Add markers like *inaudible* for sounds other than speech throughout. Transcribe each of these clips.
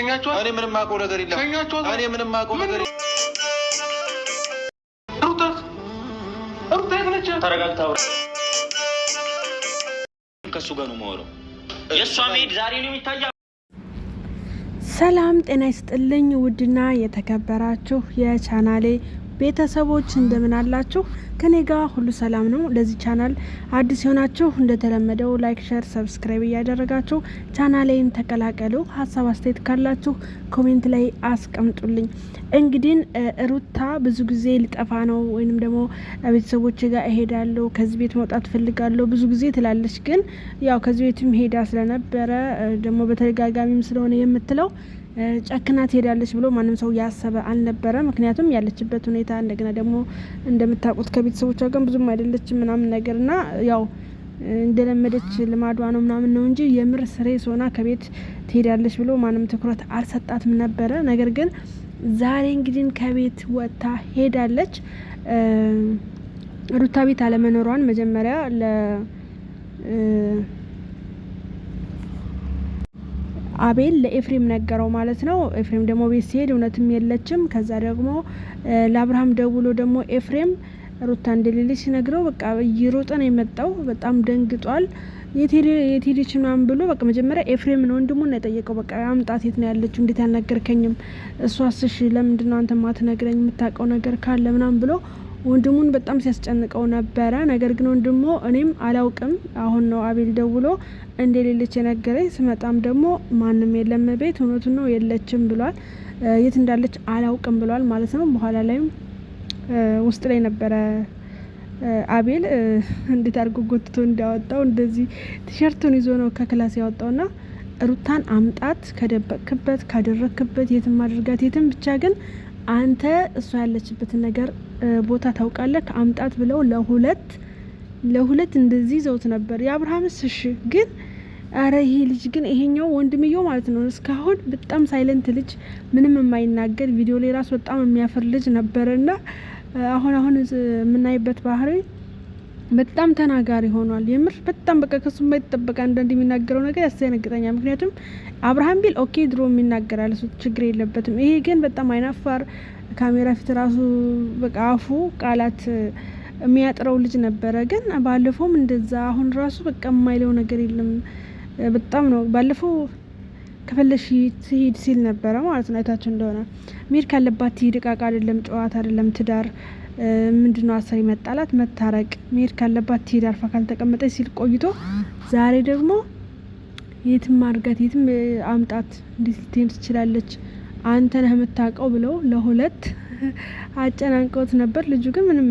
እኔ ምንም አውቀው ነገር የለም። እኔ ምንም አውቀው ነገር ከእሱ ጋር ነው የማወራው። የእሷ መሄድ ዛሬ ነው ሰላም ጤና ይስጥልኝ። ውድና የተከበራችሁ የቻናሌ ቤተሰቦች እንደምን አላችሁ? ከኔ ጋር ሁሉ ሰላም ነው። ለዚህ ቻናል አዲስ የሆናችሁ እንደተለመደው ላይክ፣ ሸር፣ ሰብስክራይብ እያደረጋችሁ ቻናሌን ተቀላቀሉ። ሀሳብ አስተያየት ካላችሁ ኮሜንት ላይ አስቀምጡልኝ። እንግዲህ ሩታ ብዙ ጊዜ ልጠፋ ነው ወይንም ደግሞ ቤተሰቦች ጋር እሄዳለሁ፣ ከዚህ ቤት መውጣት ፈልጋለሁ ብዙ ጊዜ ትላለች። ግን ያው ከዚህ ቤትም ሄዳ ስለነበረ ደግሞ በተደጋጋሚም ስለሆነ የምትለው ጨክና ትሄዳለች ብሎ ማንም ሰው ያሰበ አልነበረ። ምክንያቱም ያለችበት ሁኔታ እንደገና ደግሞ እንደምታውቁት ከቤተሰቦቿ ጋር ብዙም አይደለች ምናምን ነገር ና ያው እንደለመደች ልማዷ ነው ምናምን ነው እንጂ የምር ስሬ ሆና ከቤት ትሄዳለች ብሎ ማንም ትኩረት አልሰጣትም ነበረ። ነገር ግን ዛሬ እንግዲህ ከቤት ወጥታ ሄዳለች። ሩታ ቤት አለመኖሯን መጀመሪያ ለ አቤል ለኤፍሬም ነገረው ማለት ነው። ኤፍሬም ደግሞ ቤት ሲሄድ እውነትም የለችም። ከዛ ደግሞ ለአብርሃም ደውሎ ደግሞ ኤፍሬም ሩታ እንደሌለች ሲነግረው በቃ እየሮጠ ነው የመጣው። በጣም ደንግጧል። የት ሄደች ምናምን ብሎ በቃ መጀመሪያ ኤፍሬምን ወንድሙን ነው የጠየቀው። በቃ አምጣት፣ የት ነው ያለችው? እንዴት አልነገርከኝም? እሷ ስሽ ለምንድነው አንተ ማትነግረኝ? የምታውቀው ነገር ካለ ምናምን ብሎ ወንድሙን በጣም ሲያስጨንቀው ነበረ። ነገር ግን ወንድሞ እኔም አላውቅም አሁን ነው አቤል ደውሎ እንደሌለች የነገረኝ። ስመጣም ደግሞ ማንም የለም ቤት፣ እውነቱ ነው የለችም ብሏል። የት እንዳለች አላውቅም ብሏል ማለት ነው። በኋላ ላይም ውስጥ ላይ ነበረ አቤል እንዴት አድርጎ ጎትቶ እንዳወጣው እንደዚህ ቲሸርቱን ይዞ ነው ከክላስ ያወጣውና ሩታን አምጣት፣ ከደበቅክበት፣ ካደረክበት፣ የትም አድርጋት፣ የትም ብቻ ግን አንተ እሷ ያለችበትን ነገር ቦታ ታውቃለህ አምጣት ብለው ለሁለት ለሁለት እንደዚህ ይዘውት ነበር። የአብርሃምስ እሺ ግን አረ ይሄ ልጅ ግን ይሄኛው ወንድምየው ማለት ነው። እስካሁን በጣም ሳይለንት ልጅ፣ ምንም የማይናገር ቪዲዮ ላይ ራሱ በጣም የሚያፍር ልጅ ና አሁን አሁን የምናይበት ባህሪ በጣም ተናጋሪ ሆኗል። የምር በጣም በቃ ከሱ የማይጠበቅ አንዳንድ የሚናገረው ነገር ያስደነግጠኛል። ምክንያቱም አብርሃም ቢል ኦኬ ድሮ የሚናገራል እሱ ችግር የለበትም። ይሄ ግን በጣም አይናፋር ካሜራ ፊት ራሱ በቃ አፉ ቃላት የሚያጥረው ልጅ ነበረ። ግን ባለፈውም እንደዛ አሁን ራሱ በቃ የማይለው ነገር የለም። በጣም ነው ባለፈው ከፈለሽ ትሂድ ሲል ነበረ ማለት ነው። አይታችሁ እንደሆነ መሄድ ካለባት ትሂድ። እቃቃ አይደለም ጨዋታ አይደለም ትዳር ምንድነው አሰሪ መጣላት፣ መታረቅ፣ መሄድ ካለባት ትሄድ፣ አርፋ ካልተቀመጠች ሲል ቆይቶ ዛሬ ደግሞ የትም አድርጋት፣ የትም አምጣት፣ እንዴት ልትሄድ ትችላለች? አንተ ነህ የምታውቀው ብለው ለሁለት *laughs* አጨናንቀውት ነበር። ልጁ ግን ምንም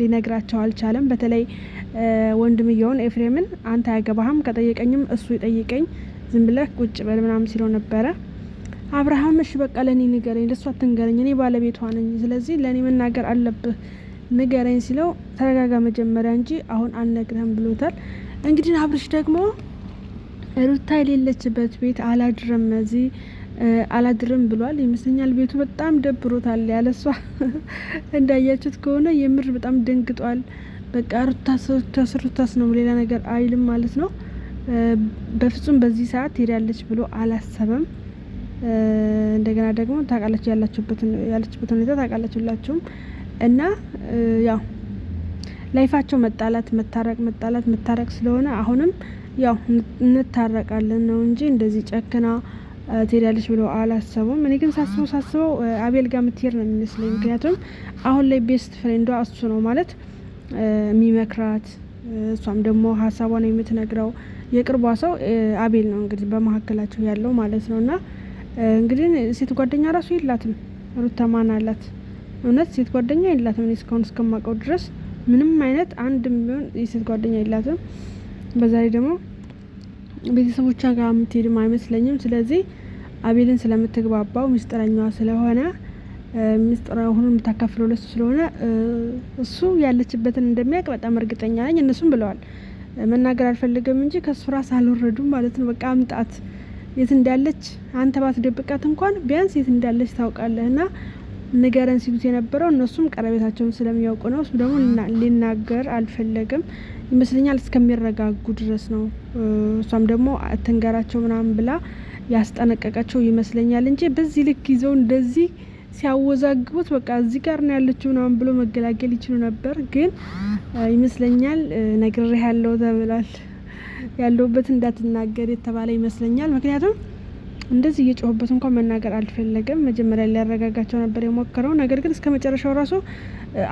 ሊነግራቸው አልቻለም። በተለይ ወንድምየውን ኤፍሬምን አንተ አያገባህም፣ ከጠየቀኝም እሱ ይጠይቀኝ፣ ዝም ብለህ ቁጭ በል ምናምን ሲለው ነበረ። አብርሃም እሺ በቃ ለእኔ ንገረኝ፣ ለእሷ ትንገረኝ እኔ ባለቤቷ ነኝ፣ ስለዚህ ለእኔ መናገር አለብህ ንገረኝ ሲለው ተረጋጋ መጀመሪያ እንጂ አሁን አልነግረም ብሎታል። እንግዲህ አብርሽ ደግሞ ሩታ የሌለችበት ቤት አላድርም እዚህ አላድርም ብሏል ይመስለኛል። ቤቱ በጣም ደብሮታል። ያለሷ *laughs* እንዳያችሁት ከሆነ የምር በጣም ደንግጧል። በቃ ሩታስ ሩታስ ነው ሌላ ነገር አይልም ማለት ነው። በፍጹም በዚህ ሰዓት ትሄዳለች ብሎ አላሰበም። እንደገና ደግሞ ታውቃላችሁ ያላችሁበትን ያለችበት ሁኔታ ታውቃላችሁላችሁም እና ያው ላይፋቸው መጣላት መታረቅ መጣላት መታረቅ ስለሆነ አሁንም ያው እንታረቃለን ነው እንጂ እንደዚህ ጨክና ትሄዳለች ብለው አላሰቡም። እኔ ግን ሳስበው ሳስበው አቤል ጋር ምትሄድ ነው የሚመስለኝ። ምክንያቱም አሁን ላይ ቤስት ፍሬንዷ እሱ ነው ማለት የሚመክራት እሷም ደግሞ ሀሳቧ ነው የምትነግረው የቅርቧ ሰው አቤል ነው እንግዲህ በመካከላቸው ያለው ማለት ነው እና እንግዲህ ሴት ጓደኛ ራሱ የላትም ሩታ ማን አላት? እውነት ሴት ጓደኛ የላትም። እኔ እስካሁን እስከማውቀው ድረስ ምንም አይነት አንድም ቢሆን የሴት ጓደኛ የላትም። በዛ ላይ ደግሞ ቤተሰቦቿ ጋር የምትሄድም አይመስለኝም። ስለዚህ አቤልን ስለምትግባባው ሚስጥረኛዋ ስለሆነ ምስጢር ሁሉ የምታካፍለው ለሱ ስለሆነ እሱ ያለችበትን እንደሚያውቅ በጣም እርግጠኛ ነኝ። እነሱም ብለዋል። መናገር አልፈልግም እንጂ ከሱ ራስ አልወረዱም ማለት ነው። በቃ አምጣት የት እንዳለች አንተ ባትደብቃት እንኳን ቢያንስ የት እንዳለች ታውቃለህ ና ንገረን ሲሉት የነበረው እነሱም ቀረቤታቸውን ስለሚያውቁ ነው። እሱ ደግሞ ሊናገር አልፈለግም ይመስለኛል እስከሚረጋጉ ድረስ ነው። እሷም ደግሞ ትንገራቸው ምናምን ብላ ያስጠነቀቀቸው ይመስለኛል እንጂ በዚህ ልክ ይዘው እንደዚህ ሲያወዛግቡት በቃ እዚህ ጋር ነው ያለችው ምናምን ብሎ መገላገል ይችሉ ነበር። ግን ይመስለኛል ነግሬህ ያለው ተብሏል። ያለውበት እንዳትናገር የተባለ ይመስለኛል። ምክንያቱም እንደዚህ እየጮሁበት እንኳን መናገር አልፈለገም። መጀመሪያ ሊያረጋጋቸው ነበር የሞከረው፣ ነገር ግን እስከ መጨረሻው ራሱ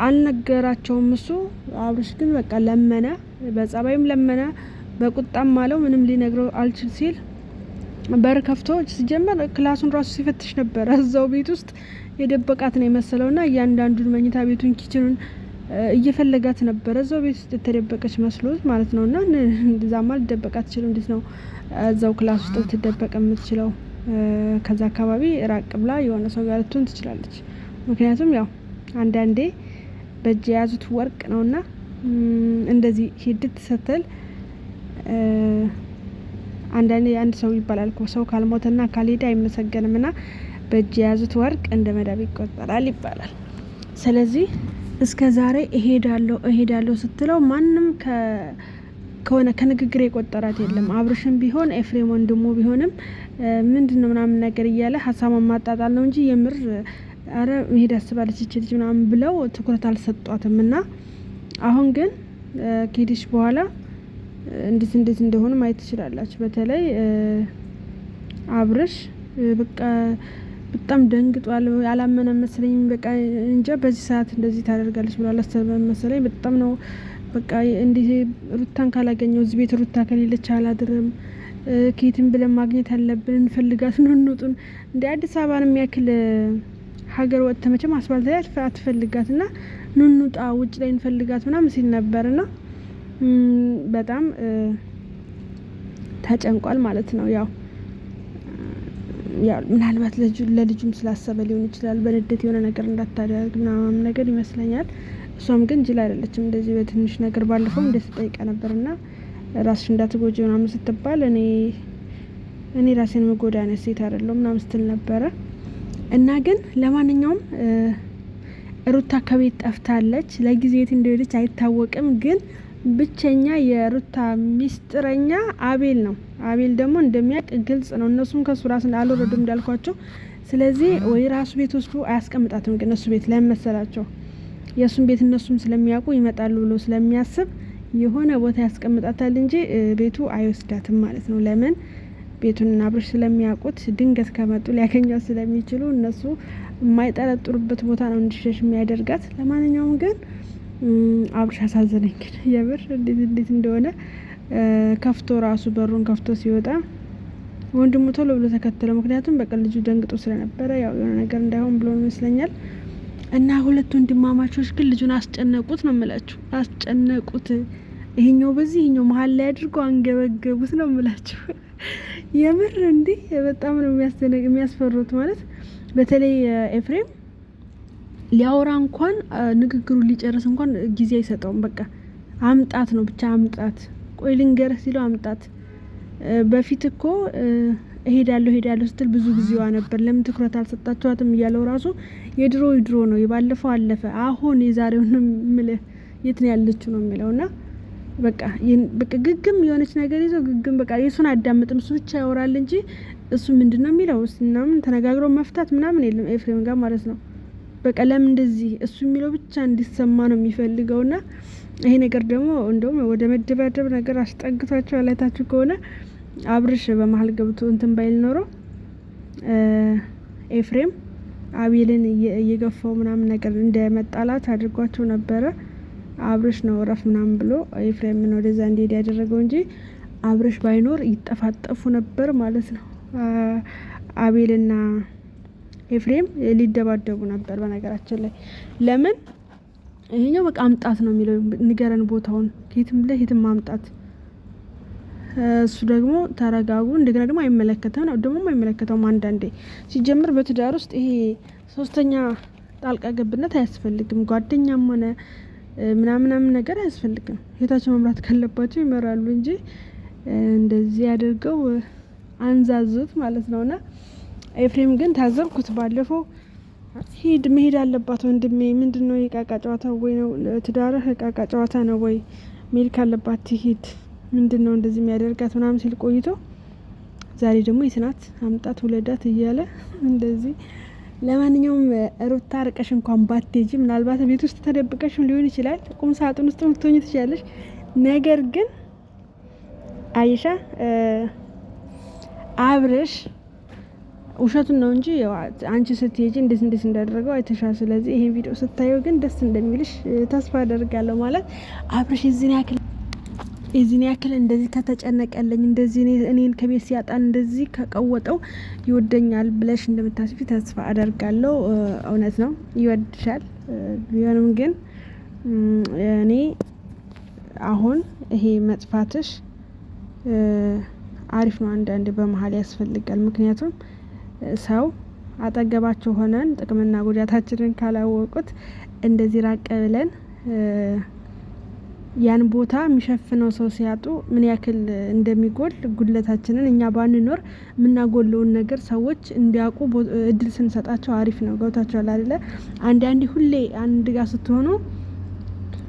አልነገራቸውም። እሱ አብርሽ ግን በቃ ለመነ፣ በጸባይም ለመነ፣ በቁጣም አለው። ምንም ሊነግረው አልችል ሲል በር ከፍቶ ሲጀመር ክላሱን ራሱ ሲፈትሽ ነበር እዛው ቤት ውስጥ የደበቃት ነው ና እያንዳንዱን መኝታ ቤቱን ኪችኑን እየፈለጋት ነበረ። እዛው ቤት ውስጥ የተደበቀች መስሎት ማለት ነው። እና ዛማ ልደበቅ አትችልም። እንዴት ነው እዛው ክላስ ውስጥ ልትደበቅ የምትችለው? ከዛ አካባቢ ራቅ ብላ የሆነ ሰው ጋር ልትሆን ትችላለች። ምክንያቱም ያው አንዳንዴ በእጅ የያዙት ወርቅ ነው እና እንደዚህ ሂድት ስትል አንዳንዴ አንድ ሰው ይባላል እኮ ሰው ካልሞተና ካልሄደ አይመሰገንም። ና በእጅ የያዙት ወርቅ እንደ መዳብ ይቆጠራል ይባላል። ስለዚህ እስከ ዛሬ እሄዳለሁ እሄዳለሁ ስትለው ማንም ከሆነ ከንግግር የቆጠራት የለም። አብርሽም ቢሆን ኤፍሬም ወንድሙ ቢሆንም ምንድን ነው ምናምን ነገር እያለ ሀሳቧን ማጣጣል ነው እንጂ የምር አረ መሄድ አስባለች ይች ልጅ ምናምን ብለው ትኩረት አልሰጧትም። እና አሁን ግን ከሄደች በኋላ እንዴት እንዴት እንደሆኑ ማየት ትችላላችሁ። በተለይ አብርሽ በቃ በጣም ደንግጧል። አላመነም መሰለኝ። በቃ እንጃ በዚህ ሰዓት እንደዚህ ታደርጋለች ብሎ አላሰበም መሰለኝ። በጣም ነው በቃ እንዲህ ሩታን ካላገኘው እዚህ ቤት ሩታ ከሌለች አላድርም። ኬትን ብለን ማግኘት አለብን፣ እንፈልጋት ነው እንውጡን። እንደ አዲስ አበባን የሚያክል ሀገር ወጥተ መቼም አስፋልት ላይ አትፈልጋት ና ኑኑጣ ውጭ ላይ እንፈልጋት ምናምን ሲል ነበር ና በጣም ተጨንቋል ማለት ነው ያው ምናልባት ለልጁም ስላሰበ ሊሆን ይችላል። በንዴት የሆነ ነገር እንዳታደርግ ምናምን ነገር ይመስለኛል። እሷም ግን ጅል አይደለችም። እንደዚህ በትንሽ ነገር ባለፈው እንደ ስጠይቀ ነበር ና ራስሽ እንዳትጎጂ ምናምን ስትባል እኔ እኔ ራሴን መጎዳ አይነት ሴት አይደለሁም ምናምን ስትል ነበረ እና ግን ለማንኛውም ሩታ ከቤት ጠፍታለች። ለጊዜ የት እንደሄደች አይታወቅም ግን ብቸኛ የሩታ ሚስጥረኛ አቤል ነው። አቤል ደግሞ እንደሚያውቅ ግልጽ ነው። እነሱም ከሱ ራስ አልወረዱም እንዳልኳቸው። ስለዚህ ወይ ራሱ ቤት ውስጡ አያስቀምጣትም። ግን እሱ ቤት ላይ መሰላቸው የእሱን ቤት እነሱም ስለሚያውቁ ይመጣሉ ብሎ ስለሚያስብ የሆነ ቦታ ያስቀምጣታል እንጂ ቤቱ አይወስዳትም ማለት ነው። ለምን ቤቱን አብርሽ ስለሚያውቁት ድንገት ከመጡ ሊያገኛት ስለሚችሉ እነሱ የማይጠረጥሩበት ቦታ ነው እንዲሸሽ የሚያደርጋት። ለማንኛውም ግን አብርሽ አሳዘነኝ። ግን የምር እንዴት እንዴት እንደሆነ ከፍቶ ራሱ በሩን ከፍቶ ሲወጣ ወንድሙ ቶሎ ብሎ ተከተለ። ምክንያቱም በቃ ልጁ ደንግጦ ስለነበረ ያው የሆነ ነገር እንዳይሆን ብሎ ይመስለኛል። እና ሁለት ወንድማማቾች ግን ልጁን አስጨነቁት ነው የምላችሁ፣ አስጨነቁት። ይሄኛው በዚህ ይሄኛው መሀል ላይ አድርገው አንገበገቡት ነው የምላችሁ። የምር እንዲህ በጣም ነው የሚያስፈሩት ማለት በተለይ ኤፍሬም ሊያወራ እንኳን ንግግሩን ሊጨርስ እንኳን ጊዜ አይሰጠውም። በቃ አምጣት ነው ብቻ አምጣት፣ ቆይ ልንገርህ ሲለው አምጣት። በፊት እኮ እሄዳለሁ እሄዳለሁ ስትል ብዙ ጊዜዋ ነበር። ለምን ትኩረት አልሰጣችኋትም እያለው ራሱ የድሮ ድሮ ነው የባለፈው አለፈ፣ አሁን የዛሬውን ምልህ የት ነው ያለችው ነው የሚለው እና በቃ ግግም የሆነች ነገር ይዘው ግግም በቃ የእሱን አዳምጥም እሱ ብቻ ያወራል እንጂ እሱ ምንድን ነው የሚለው ምናምን ተነጋግረው መፍታት ምናምን የለም ኤፍሬም ጋር ማለት ነው። በቃ ለምን እንደዚህ እሱ የሚለው ብቻ እንዲሰማ ነው የሚፈልገው ና ይሄ ነገር ደግሞ እንደውም ወደ መደባደብ ነገር አስጠግቷቸው አላይታችሁ ከሆነ አብርሽ በመሀል ገብቶ እንትን ባይል ኖሮ ኤፍሬም አቤልን እየገፋው ምናምን ነገር እንደ መጣላት አድርጓቸው ነበረ። አብርሽ ነው እረፍ ምናምን ብሎ ኤፍሬምን ወደዛ እንዲሄድ ያደረገው እንጂ አብርሽ ባይኖር ይጠፋጠፉ ነበር ማለት ነው አቤልና ኤፍሬም ሊደባደቡ ነበር። በነገራችን ላይ ለምን ይሄኛው በቃ አምጣት ነው የሚለው ንገረን ቦታውን ከየትም ላይ የትም ማምጣት እሱ ደግሞ ተረጋጉ፣ እንደገና ደግሞ አይመለከተም ነው ደግሞ አይመለከተውም። አንዳንዴ ሲጀምር በትዳር ውስጥ ይሄ ሶስተኛ ጣልቃ ገብነት አያስፈልግም። ጓደኛም ሆነ ምናምናምን ነገር አያስፈልግም። ህይወታቸው መምራት ካለባቸው ይመራሉ እንጂ እንደዚህ ያደርገው አንዛዙት ማለት ነውና ኤፍሬም ግን ታዘብኩት። ባለፈው ሂድ መሄድ አለባት ወንድሜ፣ ምንድን ነው የቃቃ ጨዋታ ወይ ነው ትዳርህ የቃቃ ጨዋታ ነው ወይ መሄድ ካለባት ሂድ ምንድን ነው እንደዚህ የሚያደርጋት ምናምን ሲል ቆይቶ ዛሬ ደግሞ የትናት አምጣት ውለዳት እያለ እንደዚህ። ለማንኛውም ሩታ ርቀሽ እንኳን ባትሄጂ ምናልባት ቤት ውስጥ ተደብቀሽም ሊሆን ይችላል፣ ቁም ሳጥን ውስጥ ልትሆኝ ትችላለች ነገር ግን አይሻ አብረሽ ውሸቱን ነው እንጂ አንቺ ስትሄጂ እንዴት እንዴት እንዳደረገው አይተሻ። ስለዚህ ይሄን ቪዲዮ ስታየው ግን ደስ እንደሚልሽ ተስፋ አደርጋለሁ። ማለት አብርሽ የዚህን ያክል የዚህን ያክል እንደዚህ ከተጨነቀልኝ እንደዚህ እኔን ከቤት ሲያጣን እንደዚህ ከቀወጠው ይወደኛል ብለሽ እንደምታስፊ ተስፋ አደርጋለሁ። እውነት ነው ይወድሻል። ቢሆንም ግን እኔ አሁን ይሄ መጥፋትሽ አሪፍ ነው። አንዳንድ በመሀል ያስፈልጋል። ምክንያቱም ሰው አጠገባቸው ሆነን ጥቅምና ጉዳታችንን ካላወቁት እንደዚህ ራቅ ብለን ያን ቦታ የሚሸፍነው ሰው ሲያጡ ምን ያክል እንደሚጎል ጉድለታችንን እኛ ባንኖር የምናጎለውን ነገር ሰዎች እንዲያውቁ እድል ስንሰጣቸው አሪፍ ነው። ገብታቸዋል አይደለ? አንዳንዴ ሁሌ አንድ ጋር ስትሆኑ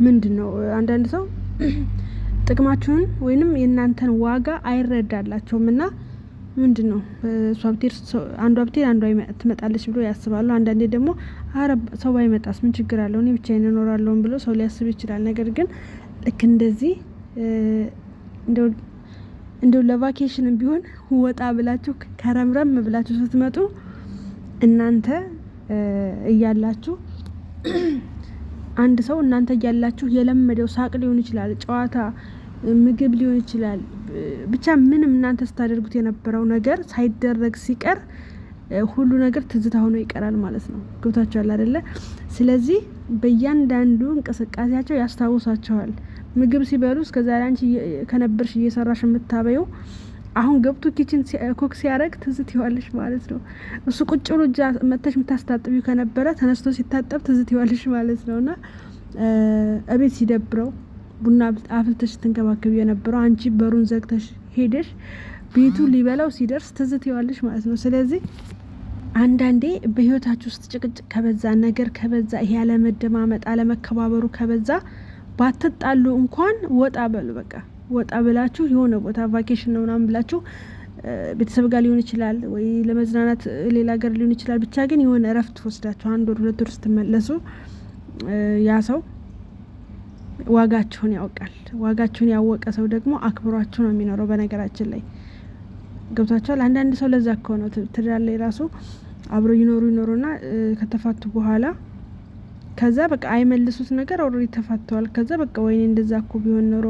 ምንድን ነው አንዳንድ ሰው *clears throat* ጥቅማችሁን ወይንም የእናንተን ዋጋ አይረዳላቸውም እና ምንድን ነው እሷ ብትሄድ አንዷ ብትሄድ አንዷ ትመጣለች ብሎ ያስባሉ። አንዳንዴ ደግሞ አረ ሰው ባይመጣስ ምን ችግር አለው እኔ ብቻዬን እኖራለሁም ብሎ ሰው ሊያስብ ይችላል። ነገር ግን ልክ እንደዚህ እንደው ለቫኬሽንም ቢሆን ወጣ ብላችሁ ከረምረም ብላችሁ ስትመጡ እናንተ እያላችሁ *clears throat* አንድ ሰው እናንተ እያላችሁ የለመደው ሳቅ ሊሆን ይችላል ጨዋታ ምግብ ሊሆን ይችላል። ብቻ ምንም እናንተ ስታደርጉት የነበረው ነገር ሳይደረግ ሲቀር ሁሉ ነገር ትዝታ ሆኖ ይቀራል ማለት ነው። ገብታችኋል አይደለ? ስለዚህ በእያንዳንዱ እንቅስቃሴያቸው ያስታውሳቸዋል። ምግብ ሲበሉ እስከ ዛሬ አንቺ ከነበርሽ እየሰራሽ የምታበዩ አሁን ገብቶ ኪችን ኮክ ሲያደርግ ትዝት ይዋለሽ ማለት ነው። እሱ ቁጭ ብሎ እጃ መተሽ የምታስታጥቢው ከነበረ ተነስቶ ሲታጠብ ትዝት ይዋለሽ ማለት ነው። እና እቤት ሲደብረው ቡና አፍልተሽ ትንከባከብ የነበረው አንቺ በሩን ዘግተሽ ሄደሽ ቤቱ ሊበላው ሲደርስ ትዝት ትይዋለሽ ማለት ነው። ስለዚህ አንዳንዴ በህይወታችሁ ውስጥ ጭቅጭቅ ከበዛ፣ ነገር ከበዛ፣ ይሄ ያለመደማመጥ አለመከባበሩ ከበዛ ባትጣሉ እንኳን ወጣ በሉ። በቃ ወጣ ብላችሁ የሆነ ቦታ ቫኬሽን ነው ምናምን ብላችሁ ቤተሰብ ጋር ሊሆን ይችላል ወይ ለመዝናናት ሌላ ሀገር ሊሆን ይችላል። ብቻ ግን የሆነ እረፍት ወስዳችሁ አንድ ወር ሁለት ወር ስትመለሱ ያ ሰው ዋጋችሁን ያውቃል። ዋጋችሁን ያወቀ ሰው ደግሞ አክብሯችሁ ነው የሚኖረው። በነገራችን ላይ ገብቷቸዋል። አንዳንድ ሰው ለዛ እኮ ነው ትዳር ላይ ራሱ አብሮ ይኖሩ ይኖሩና ከተፋቱ በኋላ ከዛ በቃ አይመልሱት ነገር ኦልሬዲ ተፋተዋል። ከዛ በቃ ወይኔ እንደዛ እኮ ቢሆን ኖሮ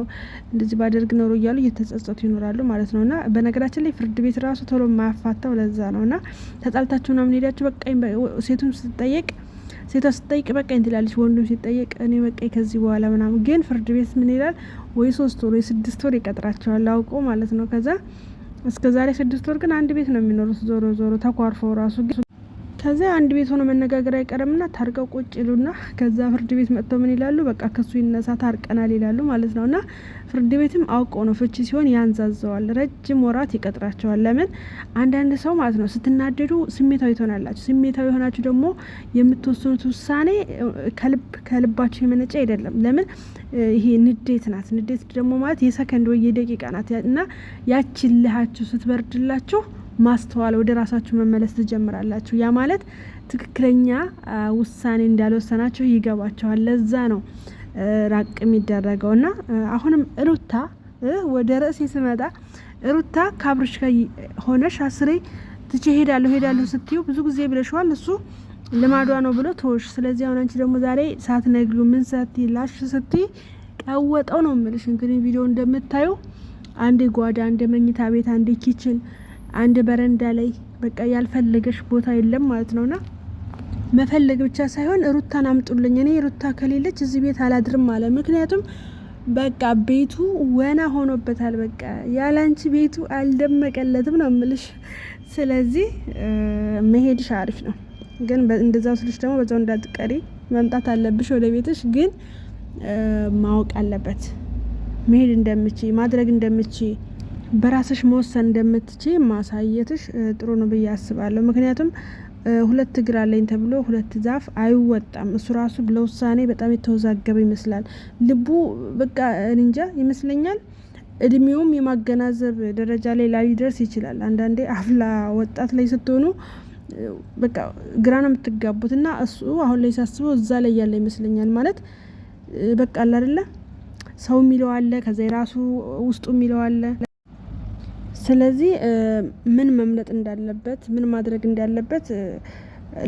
እንደዚህ ባደርግ ኖሮ እያሉ እየተጸጸቱ ይኖራሉ ማለት ነው። እና በነገራችን ላይ ፍርድ ቤት ራሱ ቶሎ የማያፋታው ለዛ ነው። እና ተጣልታችሁ ነው ሄዳችሁ በቃ ሴቱም ስትጠየቅ ሴቷ ስጠይቅ በቃኝ ትላለች፣ ወንዱም ሲጠየቅ እኔ በቃኝ ከዚህ በኋላ ምናምን። ግን ፍርድ ቤት ምን ይላል ወይ ሶስት ወር ወይ ስድስት ወር ይቀጥራቸዋል አውቆ ማለት ነው። ከዛ እስከ ዛሬ ስድስት ወር ግን አንድ ቤት ነው የሚኖሩት ዞሮ ዞሮ ተኳርፈው ራሱ ከዚያ አንድ ቤት ሆኖ መነጋገር አይቀርምና ታርቀው ቁጭ ይሉና ከዛ ፍርድ ቤት መጥተው ምን ይላሉ? በቃ ከሱ ይነሳ ታርቀናል ይላሉ ማለት ነው። እና ፍርድ ቤትም አውቆ ነው ፍቺ ሲሆን ያንዛዘዋል፣ ረጅም ወራት ይቀጥራቸዋል። ለምን አንዳንድ ሰው ማለት ነው ስትናደዱ ስሜታዊ ትሆናላችሁ። ስሜታዊ የሆናችሁ ደግሞ የምትወስኑት ውሳኔ ከልብ ከልባችሁ የመነጨ አይደለም። ለምን ይሄ ንዴት ናት። ንዴት ደግሞ ማለት የሰከንድ ወይ የደቂቃ ናት እና ያችን ልሃችሁ ስትበርድላችሁ ማስተዋል፣ ወደ ራሳችሁ መመለስ ትጀምራላችሁ። ያ ማለት ትክክለኛ ውሳኔ እንዳልወሰናችሁ ይገባችኋል። ለዛ ነው ራቅ የሚደረገው እና አሁንም ሩታ ወደ ርዕሴ ስመጣ ሩታ ካብርሽ ጋር ሆነሽ አስሬ ትቼ ሄዳለሁ ሄዳለሁ ስትዩ ብዙ ጊዜ ብለሸዋል። እሱ ልማዷ ነው ብሎ ተወሽ። ስለዚህ አሁን አንቺ ደግሞ ዛሬ ሳት ነግሉ ምን ሰት ላሽ ስት ቀወጠው ነው ምልሽ። እንግዲህ ቪዲዮ እንደምታዩ አንዴ ጓዳ፣ አንዴ መኝታ ቤት፣ አንዴ ኪችን አንድ በረንዳ ላይ በቃ ያልፈለገሽ ቦታ የለም ማለት ነውና መፈለግ ብቻ ሳይሆን ሩታን አምጡልኝ፣ እኔ ሩታ ከሌለች እዚህ ቤት አላድርም አለ። ምክንያቱም በቃ ቤቱ ወና ሆኖበታል። በቃ ያላንቺ ቤቱ አልደመቀለትም ነው ምልሽ። ስለዚህ መሄድሽ አሪፍ ነው፣ ግን እንደዛው ስልሽ ደግሞ በዛው እንዳትቀሪ መምጣት አለብሽ ወደ ቤትሽ። ግን ማወቅ አለበት መሄድ እንደምች ማድረግ እንደምችይ። በራስሽ መወሰን እንደምትች ማሳየትሽ ጥሩ ነው ብዬ አስባለሁ። ምክንያቱም ሁለት እግር አለኝ ተብሎ ሁለት ዛፍ አይወጣም። እሱ ራሱ ለውሳኔ በጣም የተወዛገበ ይመስላል። ልቡ በቃ እንጃ ይመስለኛል እድሜውም የማገናዘብ ደረጃ ላይ ላይደርስ ይችላል። አንዳንዴ አፍላ ወጣት ላይ ስትሆኑ በቃ ግራ ነው የምትጋቡት እና እሱ አሁን ላይ ሳስበው እዛ ላይ ያለ ይመስለኛል። ማለት በቃ አላደለ ሰው የሚለው አለ፣ ከዛ የራሱ ውስጡ የሚለው አለ። ስለዚህ ምን መምለጥ እንዳለበት ምን ማድረግ እንዳለበት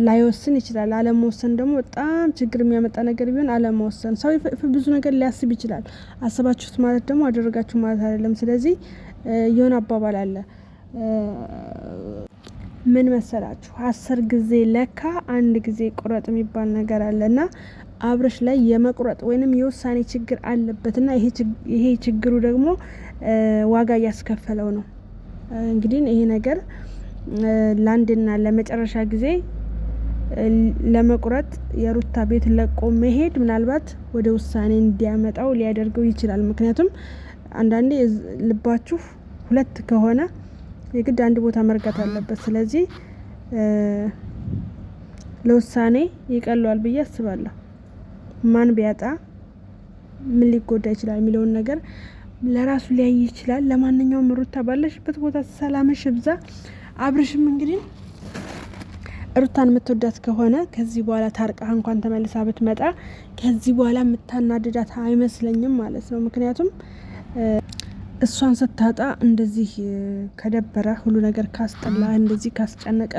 ላይወስን ይችላል። አለመወሰን ደግሞ በጣም ችግር የሚያመጣ ነገር ቢሆን አለመወሰን፣ ሰው ብዙ ነገር ሊያስብ ይችላል። አሰባችሁት ማለት ደግሞ አደረጋችሁ ማለት አይደለም። ስለዚህ የሆነ አባባል አለ ምን መሰላችሁ፣ አስር ጊዜ ለካ አንድ ጊዜ ቁረጥ የሚባል ነገር አለ እና አብረሽ ላይ የመቁረጥ ወይንም የውሳኔ ችግር አለበት እና ይሄ ችግሩ ደግሞ ዋጋ እያስከፈለው ነው። እንግዲህ ይሄ ነገር ለአንድና ለመጨረሻ ጊዜ ለመቁረጥ የሩታ ቤት ለቆ መሄድ ምናልባት ወደ ውሳኔ እንዲያመጣው ሊያደርገው ይችላል። ምክንያቱም አንዳንዴ ልባችሁ ሁለት ከሆነ የግድ አንድ ቦታ መርጋት አለበት። ስለዚህ ለውሳኔ ይቀለዋል ብዬ አስባለሁ። ማን ቢያጣ ምን ሊጎዳ ይችላል የሚለውን ነገር ለራሱ ሊያይ ይችላል። ለማንኛውም ሩታ ባለሽበት ቦታ ሰላምሽ ይብዛ። አብርሽም እንግዲህ ሩታን የምትወዳት ከሆነ ከዚህ በኋላ ታርቃ እንኳን ተመልሳ ብትመጣ ከዚህ በኋላ የምታናድዳት አይመስለኝም ማለት ነው። ምክንያቱም እሷን ስታጣ እንደዚህ ከደበረ ሁሉ ነገር ካስጠላ እንደዚህ ካስጨነቀ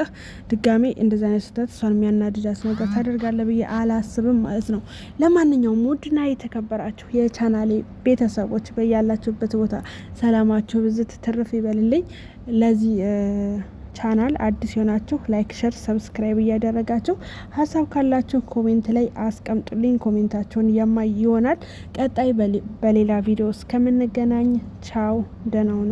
ድጋሜ እንደዚ አይነት ስህተት እሷን የሚያናድዳት ነገር ታደርጋለ ብዬ አላስብም ማለት ነው። ለማንኛውም ውድና የተከበራችሁ የቻናሌ ቤተሰቦች በያላችሁበት ቦታ ሰላማችሁ ብዝት ትርፍ ይበልልኝ ለዚህ ቻናል አዲስ የሆናችሁ ላይክ፣ ሸር፣ ሰብስክራይብ እያደረጋችሁ ሀሳብ ካላችሁ ኮሜንት ላይ አስቀምጡልኝ። ኮሜንታችሁን የማይ ይሆናል። ቀጣይ በሌላ ቪዲዮ እስከምንገናኝ ቻው፣ ደህና ሁኑ።